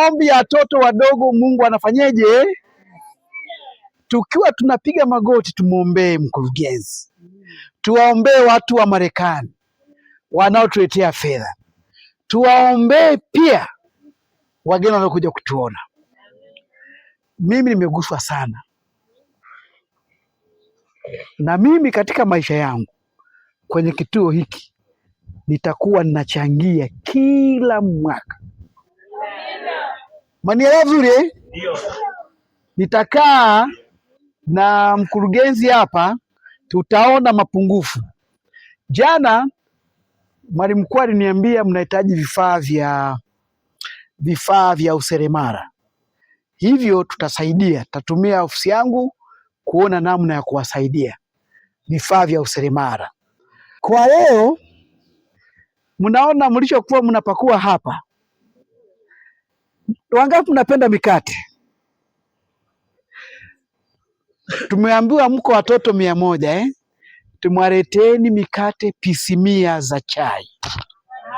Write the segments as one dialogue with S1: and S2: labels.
S1: Dhambi ya watoto wadogo Mungu anafanyeje? Tukiwa tunapiga magoti, tumwombee mkurugenzi, tuwaombee watu wa Marekani wanaotuletea fedha, tuwaombee pia wageni wanaokuja kutuona. Mimi nimeguswa sana, na mimi katika maisha yangu kwenye kituo hiki nitakuwa ninachangia kila mwaka Manielewa vizuri eh? Ndio. Nitakaa na mkurugenzi hapa, tutaona mapungufu. Jana mwalimu mkuu aliniambia mnahitaji vifaa vya vifaa vya useremara, hivyo tutasaidia. tutatumia ofisi yangu kuona namna ya kuwasaidia vifaa vya useremara. Kwa leo mnaona mlichokuwa mnapakua hapa Wangapi mnapenda mikate? Tumeambiwa mko watoto mia moja eh? Tumwaleteni mikate pisimia za chai.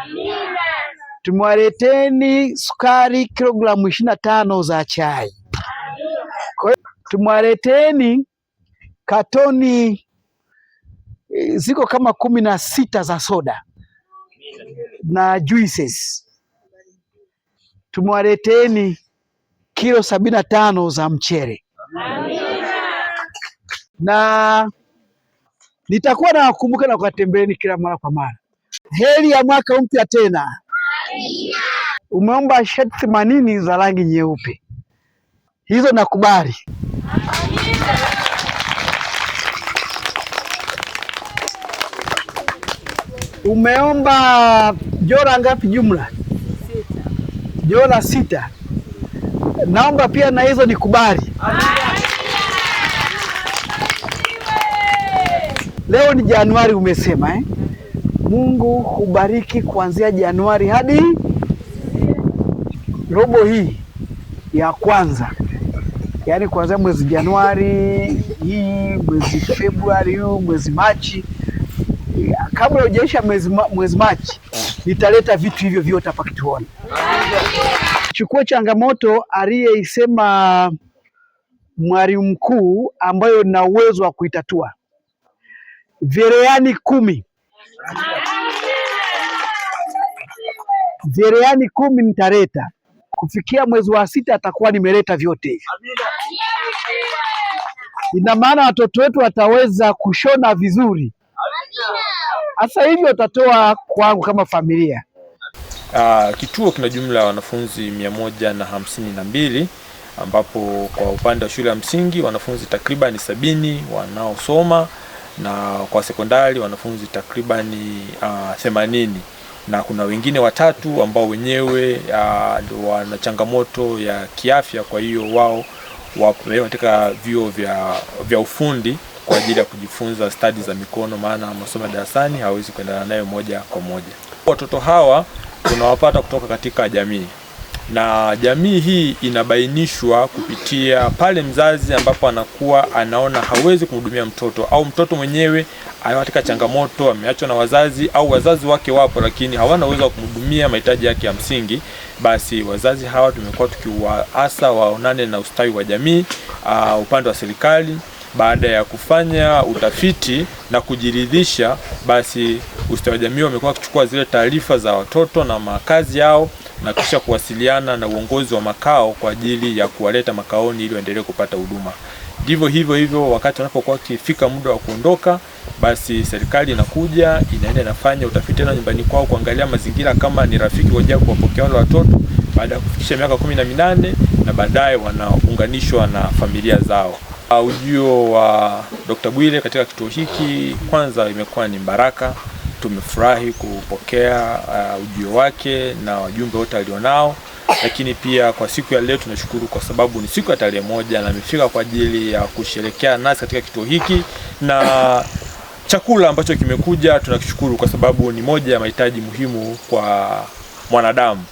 S1: Amina. Tumwaleteni sukari kilogramu ishirini na tano za chai. Amina. Tumwaleteni katoni eh, ziko kama kumi na sita za soda na juices tumewaleteni kilo sabini na tano za mchele na nitakuwa nawakumbuka na kuwatembeleni kila mara kwa mara. Heri ya mwaka mpya tena. Umeomba shati themanini za rangi nyeupe, hizo nakubali. Umeomba jora ngapi jumla? Jola sita, naomba pia na hizo nikubali. Leo ni Januari umesema eh? Mungu hubariki kuanzia Januari hadi robo hii ya kwanza, yaani kuanzia mwezi Januari hii, mwezi Februari huu, mwezi Machi kabla hujaisha mwezi Machi, nitaleta vitu hivyo vyote hapa kituoni. Chukua changamoto aliyeisema mwalimu mkuu ambayo na uwezo wa kuitatua. Vyerehani kumi, vyerehani kumi nitaleta kufikia mwezi wa sita, atakuwa nimeleta vyote hivi. Ina maana watoto wetu wataweza kushona vizuri. Sasa hivyo utatoa kwangu kama familia
S2: Uh, kituo kina jumla ya wanafunzi mia moja na hamsini na mbili ambapo kwa upande wa shule ya msingi wanafunzi takribani sabini wanaosoma na kwa sekondari wanafunzi takribani ah, themanini na kuna wengine watatu ambao wenyewe uh, wana changamoto ya kiafya, kwa hiyo wao wapo eh, katika vyuo vya, vya ufundi kwa ajili ya kujifunza stadi za mikono, maana masomo ya darasani hawezi kuendana nayo moja kwa moja. Watoto hawa tunawapata kutoka katika jamii, na jamii hii inabainishwa kupitia pale mzazi ambapo anakuwa anaona hawezi kumhudumia mtoto au mtoto mwenyewe ayo katika changamoto, ameachwa na wazazi au wazazi wake wapo lakini hawana uwezo wa kumhudumia mahitaji yake ya msingi. Basi wazazi hawa tumekuwa tukiwaasa waonane na ustawi wa jamii, uh, upande wa serikali baada ya kufanya utafiti na kujiridhisha, basi ustawi jamii wamekuwa wakichukua zile taarifa za watoto na makazi yao na kisha kuwasiliana na uongozi wa makao kwa ajili ya kuwaleta makaoni ili waendelee kupata huduma. Ndivyo hivyo hivyo, wakati wanapokuwa wakifika muda wa kuondoka, basi serikali inakuja inaenda inafanya utafiti tena nyumbani kwao kuangalia mazingira kama ni rafiki kwa kuwapokea wale watoto baada ya kufikisha miaka kumi na minane na baadaye wanaunganishwa na familia zao. Ujio wa Dr. Bwile katika kituo hiki kwanza imekuwa ni baraka. Tumefurahi kupokea uh, ujio wake na wajumbe wote alionao, lakini pia kwa siku ya leo tunashukuru kwa sababu ni siku ya tarehe moja na amefika kwa ajili ya kusherekea nasi katika kituo hiki na chakula ambacho kimekuja tunakishukuru kwa sababu ni moja ya mahitaji muhimu kwa mwanadamu.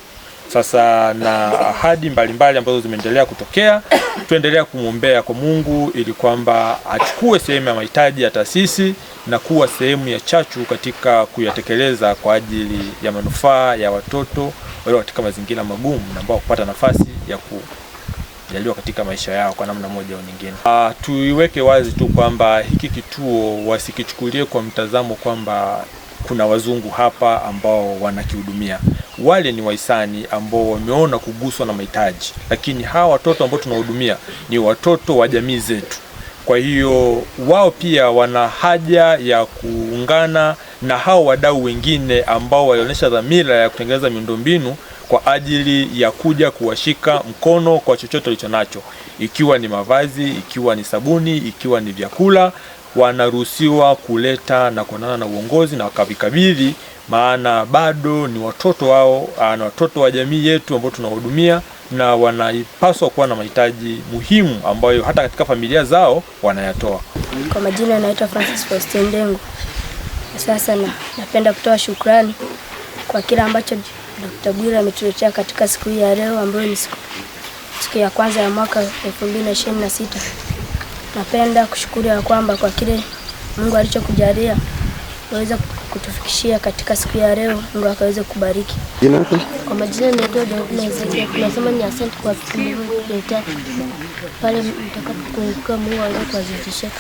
S2: Sasa na ahadi mbalimbali ambazo zimeendelea kutokea, tuendelea kumwombea kwa Mungu ili kwamba achukue sehemu ya mahitaji ya taasisi na kuwa sehemu ya chachu katika kuyatekeleza kwa ajili ya manufaa ya watoto walio katika mazingira magumu na ambao kupata nafasi ya kujaliwa katika maisha yao kwa namna moja au nyingine. Uh, tuiweke wazi tu kwamba hiki kituo wasikichukulie kwa mtazamo kwamba kuna wazungu hapa ambao wanakihudumia. Wale ni wahisani ambao wameona kuguswa na mahitaji, lakini hawa watoto ambao tunahudumia ni watoto wa jamii zetu. Kwa hiyo wao pia wana haja ya kuungana na hao wadau wengine ambao walionyesha dhamira ya kutengeneza miundombinu kwa ajili ya kuja kuwashika mkono kwa chochote walicho nacho, ikiwa ni mavazi, ikiwa ni sabuni, ikiwa ni vyakula wanaruhusiwa kuleta na kuonana na uongozi na wakavikabidhi, maana bado ni watoto wao ah, na watoto wa jamii yetu ambao tunawahudumia na wanapaswa kuwa na mahitaji muhimu ambayo hata katika familia zao wanayatoa.
S3: Kwa majina anaitwa Francis Postendengo. Sasa na, napenda kutoa shukrani kwa kila ambacho Dr. Bwire ametuletea katika siku hii ya leo ambayo ni siku ya kwanza ya mwaka 2026. Napenda kushukuru ya kwamba kwa kile Mungu alichokujalia waweza kutufikishia katika siku ya leo. Mungu akaweze kubariki. Kwa majina Tunasema ni asante kwa pale mtakapokuwa Mungu aweze kuwazidishia